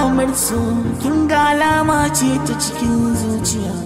alamar su kin ga ce ta cikin zuciya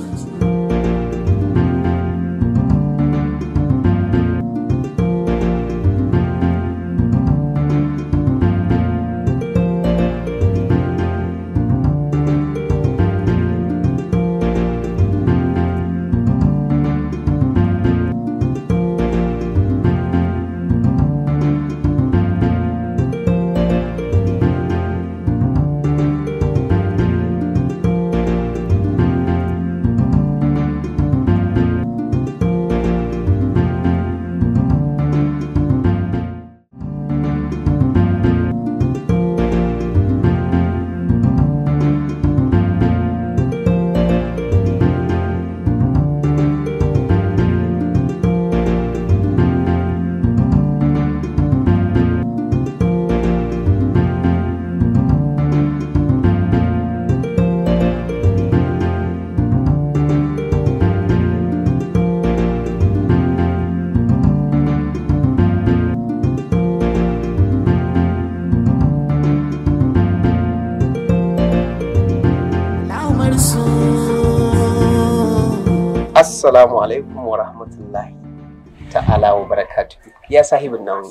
Assalamu alaikum wa rahmatullahi ta'ala wa barakatu. Ya sahibin nan.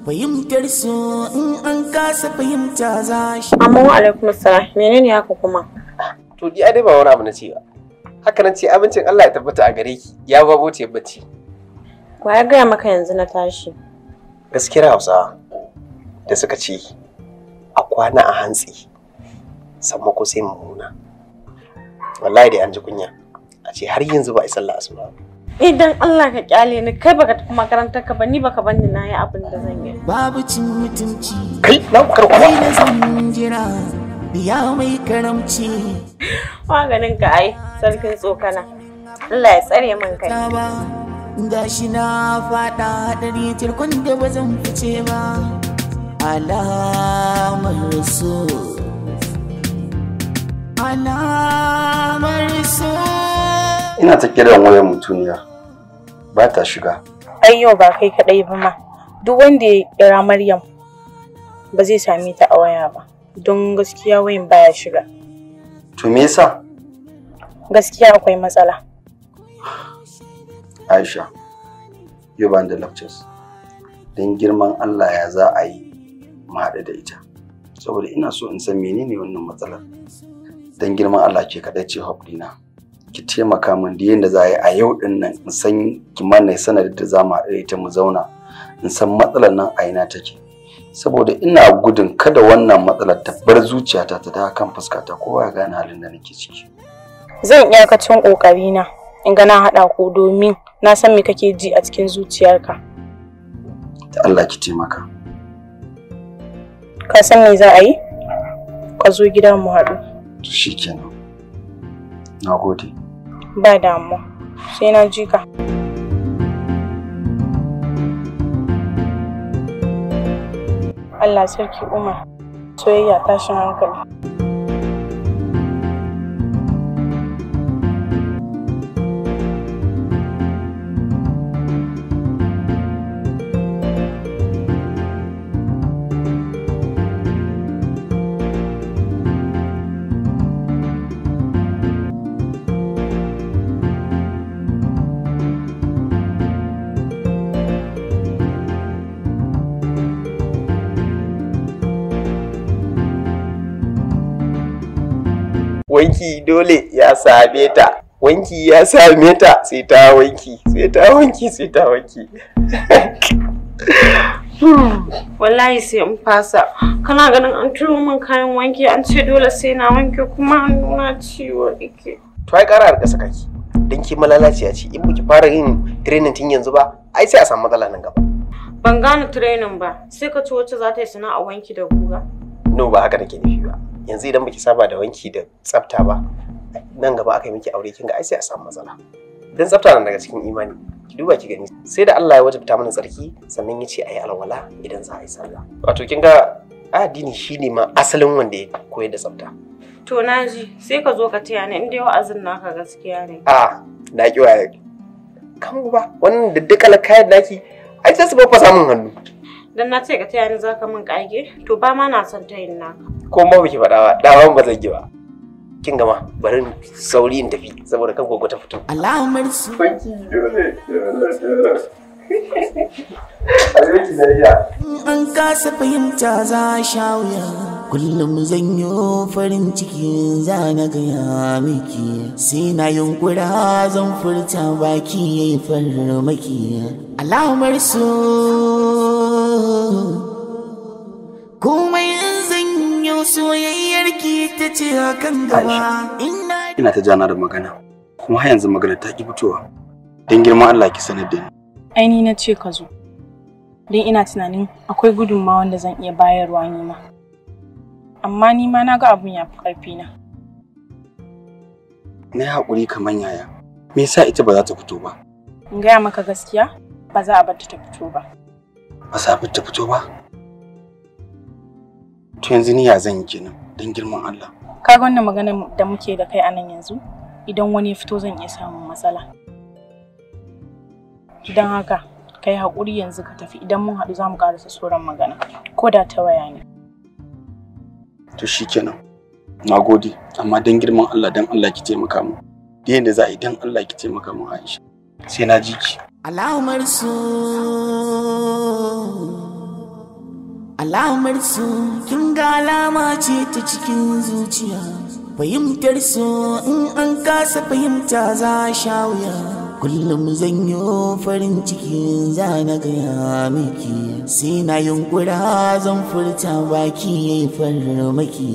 Fahimtar su in an kasa fahimta za shi. Amma wa alaikum salam menene haka kuma? To di dai ba wani abu na ce ba. Haka nan ce abincin Allah ya tabbata a gare ki ya babo ce bacci. Wa ya gaya maka yanzu na tashi? Gaskiyar Hausa da suka ce a kwana a hantsi sammako sai mummuna. Wallahi dai an ji kunya. a ce har yanzu ba a yi sallah asuba idan eh, Allah ka kyale ni kai baka tafi makarantar ka ba ni baka bani na yi abin da zan yi babu cin mutunci kai na ku karkuwa kai na jira biya mai karamci maganin ka ai sarkin tsokana Allah ya tsare min kai shi na fada hadari tirkun da ba zan fice ba alamar so ina ta kiran wayar mutuniya ba ta shiga ai yau ba kai kadai ba ma duk wanda ya kira maryam ba zai same ta a waya ba don gaskiya wayan baya shiga to me yasa gaskiya akwai matsala aisha yau ban da lectures don girman allah ya za a yi haɗu da ita saboda ina so in san menene wannan matsalar don girman allah ke kaɗai ce hop dina ki taimaka min da yadda za a yi a yau din nan in san kimanin sanadin da za mu haɗu ita mu zauna in san matsalar nan a ina take saboda ina gudun kada wannan matsalar ta bar zuciyata ta da kan fuskata kowa ya gane halin da nake ciki zan iyakacin ƙoƙarina in ga na haɗa ku domin na san me kake ji a cikin zuciyarka da Allah ki taimaka ka san me za a yi ka zo gida mu haɗu shikenan na gode ba damu sai na ji ka Allah sarki Umar soyayya tashin hankali wanki dole ya same ta wanki ya same ta sai ta wanki sai ta wanki sai ta wanki wallahi sai in fasa kana ganin an turo min kayan wanki an ce dole sai na wanke kuma hannuna ciwo yake to ai ka saka ki don ki malalaciya ce in baki fara yin training tun yanzu ba ai sai a samu matsala nan gaba ban gane training ba sai ka ci wacce za ta yi sana'a wanki da guga no ba haka nake nufi ba yanzu idan baki saba da wanki da tsafta ba nan gaba aka yi miki aure kin ga ai sai a samu matsala dan tsafta na daga cikin imani ki duba ki gani sai da Allah ya wajabta mana tsarki sannan ya ce ayi alwala idan za a yi sallah wato kin ga addini shine ma asalin wanda ya koyar da tsafta to na sai ka zo ka taya ni in wa'azin naka gaskiya ne a na ki waye kan ba wannan dukkan kayan daki ai sai su ba fa samun hannu Dan na ce ka taya ni zaka min kage, to ba ma na son tayin naka. Ko ma biki faɗa ba, da ba zan yi ba. Kin gama bari sauri in tafi saboda kan gogo ta fito. Allahu marsi. Banki dole. An kasa fahimta za sha wuya kullum zan yi farin ciki za na gaya miki sai na yunkura zan furta baki ya yi farmaki alamar su komai zan yi soyayyar ki ta ce hakan gaba ina ina ta jana da magana kuma har yanzu magana ta ki fitowa dan girman Allah ki sanar da ni aini na ce ka zo don ina tunanin akwai gudunmawa wanda zan iya bayarwa ni ma amma ni ma na ga abun ya fi karfi na na yi haƙuri kamar yaya me yasa ita ba za ta fito ba in gaya maka gaskiya ba za a bar ta fito ba ba sabit ta fito ba to yanzu ni ya zan yi kenan don girman Allah ka ga wannan magana da muke da kai a nan yanzu idan wani ya fito zan iya samun matsala don haka kai haƙuri yanzu ka tafi idan mun haɗu za mu ƙarasa sauran magana ko da ta waya ne to shikenan na gode amma don girman Allah don Allah ki taimaka mu da yadda za a yi don Allah ki taimaka mu Aisha sai na ji ki Allahumma rasul alamar su kin ga alama ce ta cikin zuciya fahimtar su in an kasa fahimta za a sha wuya kullum zan yi farin ciki za na gaya miki sai na yunkura zan furta baki ya yi farmaki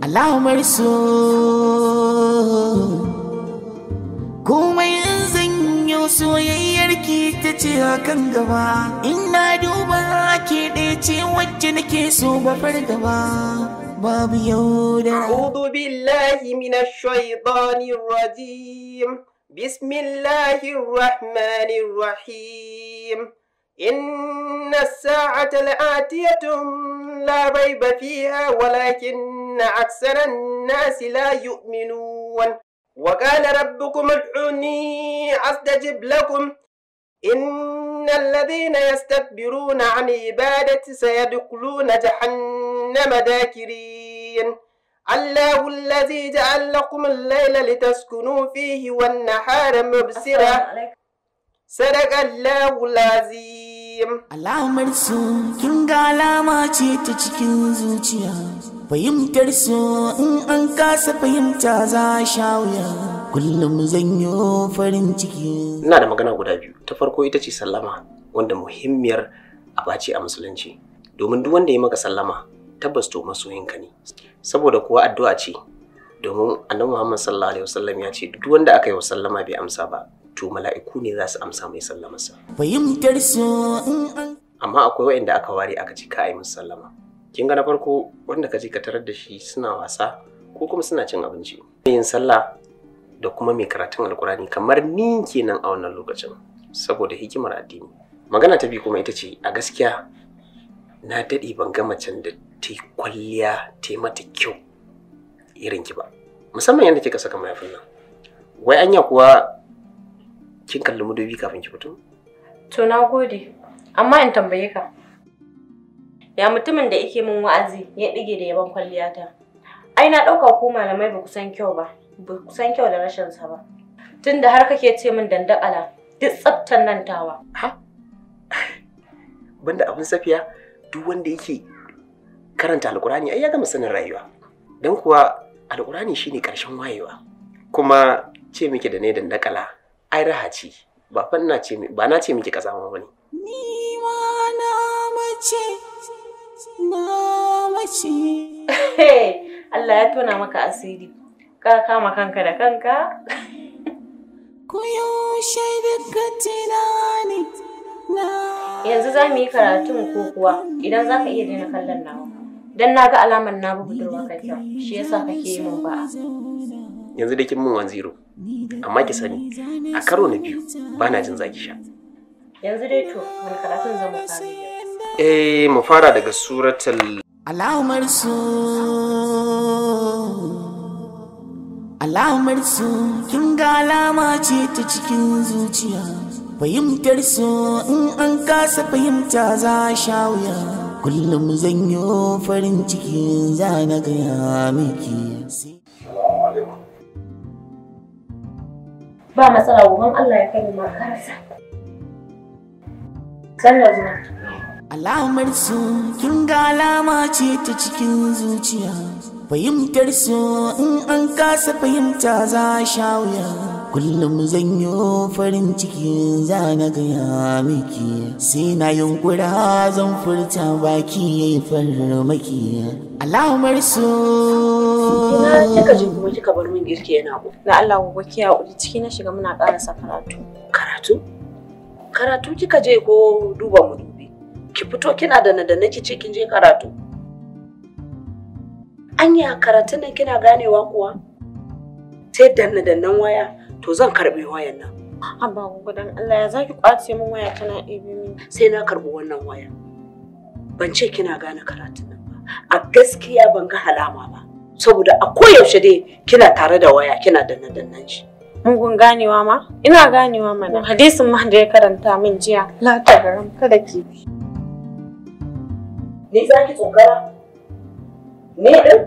alamar su komai soyayyar ki ta ce hakan gaba ina duba ke da ce wacce nake so ba fargaba babu yau a'udhu billahi minash shaitanir rajim bismillahir rahmanir rahim إن الساعة لآتية لا ريب فيها ولكن أكثر الناس لا يؤمنون وقال ربكم ادعوني أستجب لكم إن الذين يستكبرون عن عبادتي سيدخلون جهنم داكرين الله الذي جعل لكم الليل لتسكنوا فيه والنهار مبصرا صدق الله العظيم alamar مرسوم kin ga ما ce ta cikin fahimtar su in an kasa fahimta za a sha wuya kullum zan yi farin ciki ina da magana guda biyu ta farko ita ce sallama wanda muhimmiyar abaci a musulunci domin duk wanda ya maka sallama tabbas to masoyinka ne saboda kuwa addu'a ce domin annabi Muhammad sallallahu alaihi wasallam ya ce duk wanda aka yi wa sallama bai amsa ba to mala'iku ne za su amsa mai sallamarsa fahimtar su amma akwai waɗanda aka ware aka ce ka yi musu sallama kin ga na farko wanda ka je ka tarar da shi suna wasa ko kuma suna cin abinci yin sallah da kuma mai karatun alkurani kamar ni kenan a wannan lokacin saboda hikimar addini magana ta biyu kuma ita ce a gaskiya na daɗe ban ga macen da ta yi kwalliya ta yi mata kyau irin ki ba musamman yadda kika saka mayafin nan wai anya kuwa kin kalli mudubi kafin ki fito to na gode amma in tambaye ka Ya mutumin da yake min wa'azi ya ɗige da yaban kwalliyata. Ai na ɗauka ko malamai ba ku san kyau ba, ba ku kyau da rashin sa ba. Tunda har kake ce min dandakala, duk tsaftan nan tawa. Banda abin safiya, duk wanda yake karanta alkurani ai ya gama sanin rayuwa. Dan kuwa alkurani shine karshen wayewa. Kuma ce miki da ne dandakala, ai raha ce. Ba fanna ce ba na ce miki kazama bane. Ni ma na mace na mace. Allah ya tona maka asiri, ka kama kanka da kanka. tunani na Yanzu za mu yi karatun ko kuwa idan za ka iya daina kallon nawa. Dan na ga alamar na budurwa ka kyau, shi yasa kake yi min ba'a. Yanzu da kin min wan zero, amma ki sani a karo na biyu ba na jin zaki sha. Yanzu dai to, wani karatun zama kare eh mu fara daga suratul su alamar su kin ga alama ce ta cikin zuciya fahimtar su in an kasa fahimta za a sha wuya kullum zan yi farin ciki za na gaya miki ba matsala gobe Allah ya kai ma makarasa zuwa alamar su kin ga alama ce ta cikin zuciya fahimtar su in an kasa fahimta za a sha wuya kullum zan yi farin ciki za na gaya miki sai na yunkura zan furta baki ya yi farmaki alamar su na kika kika bar min girki yana ku na Allah ku ciki na shiga muna ƙarasa karatu karatu karatu kika je ko duba mu ki fito kina da nadana ki ce kin je karatu anya karatun nan kina ganewa kuwa ta yadda dannan waya to zan karbi wayan nan amma gudan Allah ya zaki kwace min waya tana ibi min sai na karbi wannan waya ban ce kina gane karatun nan ba a gaskiya ban ga halama ba saboda a koyaushe dai kina tare da waya kina da nan shi mugun ganewa ma ina ganewa mana hadisin ma da ya karanta min jiya la garam kada ki bi Ni za ki tsokara? Ni ɗin?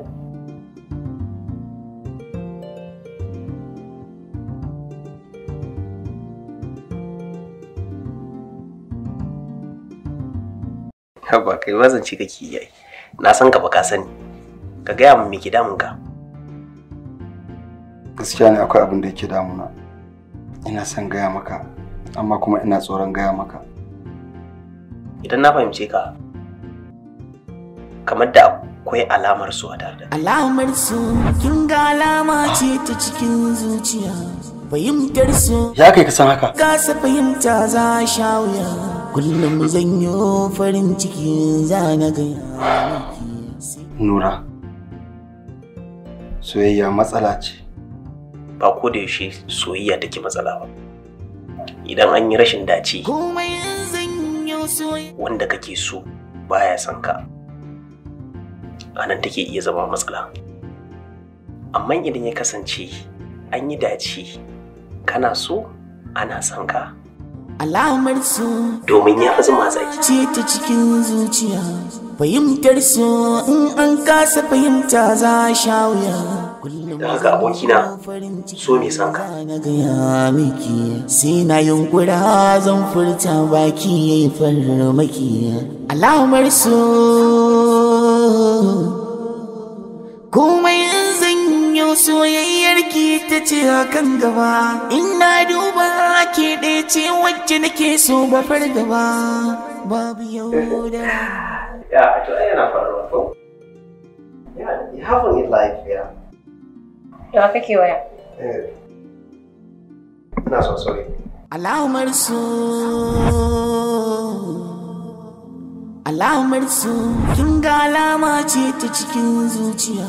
Haba kai mazanci kake yi. Na san ka baka sani. Ka gaya min me ke damun ka. Gaskiya ne akwai abin da yake damuna. Ina son gaya maka, amma kuma ina tsoron gaya maka. Idan na fahimce ka, kamar da akwai alamar su a tare alamar su kin ga alama ce ta cikin zuciya fahimtar su ya kai ka san haka gasa fahimta za a sha wuya kullum zan yi farin ciki za na ga nura soyayya matsala ce ba ko da yaushe soyayya take matsala ba idan an yi rashin dace wanda kake so baya son ka a nan take iya zama matsala amma idan ya kasance an yi dace kana so ana son ka alamar su domin ya zama zaki ce ta cikin zuciya fahimtar su in an kasa fahimta za sha wuya da haka abokina so mai san ka sai na yunkura zan furta baki yayi farmaki alamar su komai in zan yi soyayyar ki ta ce hakan gaba ina duba ke ɗaya ce wacce nake so ba fargaba babu yau da ya to ai yana faruwa ko ya you have a life ya ya kake waya eh. na so sorry Allahumma rasul alamar su kin ga alama ce ta cikin zuciya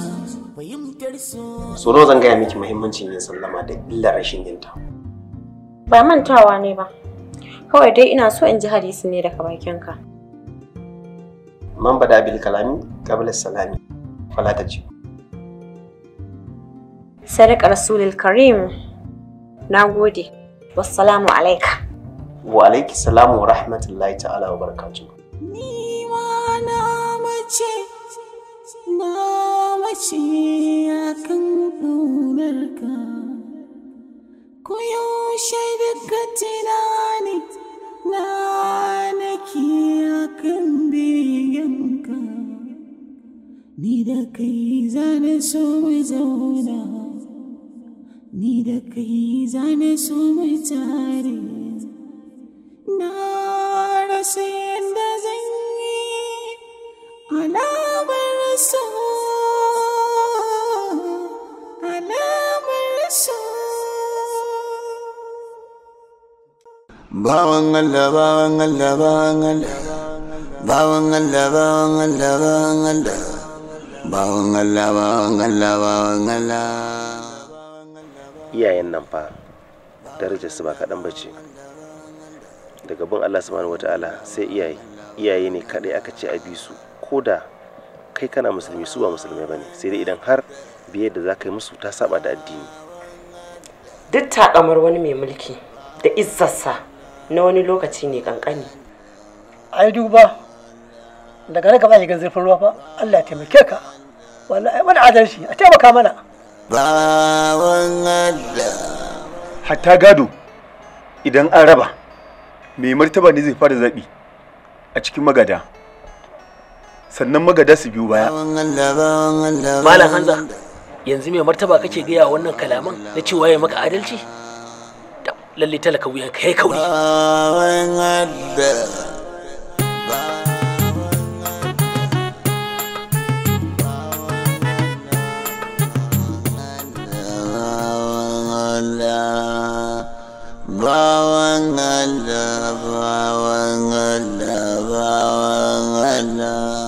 fahimtar su tsoro zan gaya miki muhimmancin yin sallama da illar rashin yinta ba mantawa ne ba kawai dai ina so in ji hadisi ne daga bakinka man bada bil kalami qabla salami fala ta taji sadaqa rasulil karim nagode wassalamu alaika wa alaiki salamu wa rahmatullahi ta'ala wa barakatuhu mace na mace akan ɗaunarka ku yaushe duka tunani na nake akan biyanka ni da kai zane so mu zauna ni da kai zane so mu tare na rasa alamar iyayen nan fa darajar su ba kaɗan ba ce daga bin Allah subhanahu wata'ala sai iyaye iyaye ne kaɗai aka ce a bi su ko da kai kana musulmi su ba musulmai bane sai dai idan har biye da za ka yi musu ta saba da addini duk takamar wani mai mulki da izzarsa na wani lokaci ne kankani ai duba daga nan ka ba gan zurfin ruwa fa Allah ya taimake ka wallahi wani adalci a taimaka mana bawan Allah hatta gado idan an raba mai martaba ne zai fara zabi a cikin magada sannan magada su biyu baya malam hanza yanzu mai martaba kake gaya wannan kalaman na cewa ya maka adalci lalle talaka wuyan kai kauri Bawang Allah, bawang Allah, bawang Allah.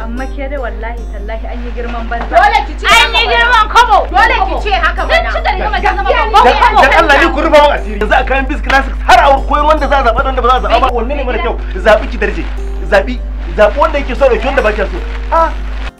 amma ke dai wallahi tallahi an yi girman banza dole ki ce an yi girman kobo dole ki ce haka mana sun ci gari kuma zama kobo dan Allah ni mun asiri yanzu a kan bis classics har a koyar wanda za a zaba wanda ba za a zaba ba wanne ne mara kyau zabi ki darje zabi zabi wanda yake so da wanda ba kya so ah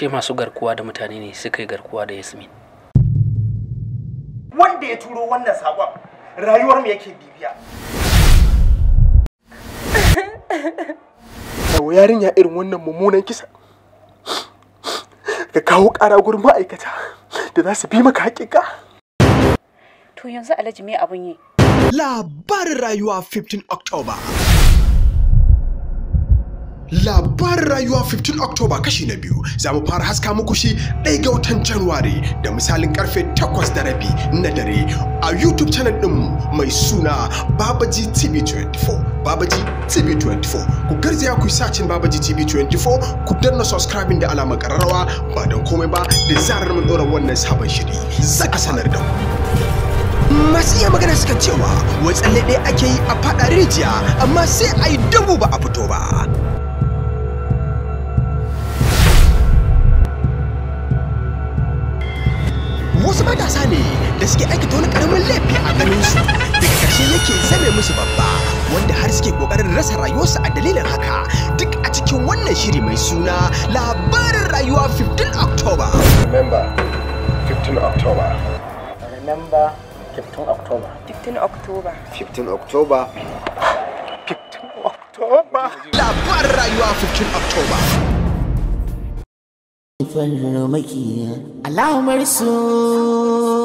ashe masu garkuwa da mutane ne suka yi garkuwa da yasmin wanda ya turo wannan saƙon, rayuwar mu yake bibiya kawo yarinya irin wannan mummunan kisa ka kawo kara gurin ma'aikata da za su bi maka hakika to yanzu alhaji me abun yi labarin rayuwa 15 october labarin rayuwa 15 Oktoba kashi na biyu za mu fara haska muku shi ɗaya ga watan Januwari da misalin karfe 8 da rabi na dare a YouTube channel ɗin mai suna Babaji TV24. Babaji TV24 ku garzaya ku yi sacin Babaji TV24 ku danna subscribing da alamar kararrawa ba don komai ba da zarar mun ɗora wannan sabon shiri zaka a sanar da ku. masu iya magana suka cewa wai tsalle ɗaya ake yi a faɗa rijiya amma sai a yi dubu ba a fito ba matasa ne da suke aikata wani karamin laifi a ganin su daga ƙarshe yake zame musu babba wanda har suke ƙoƙarin rasa rayuwarsu a dalilin haka duk a cikin wannan shiri mai suna labarin rayuwa 15 October. Remember 15 October. Remember 15 October. 15 October. 15 October. 15 October. Labarin rayuwa 15 October. farmaki Allahumma rasul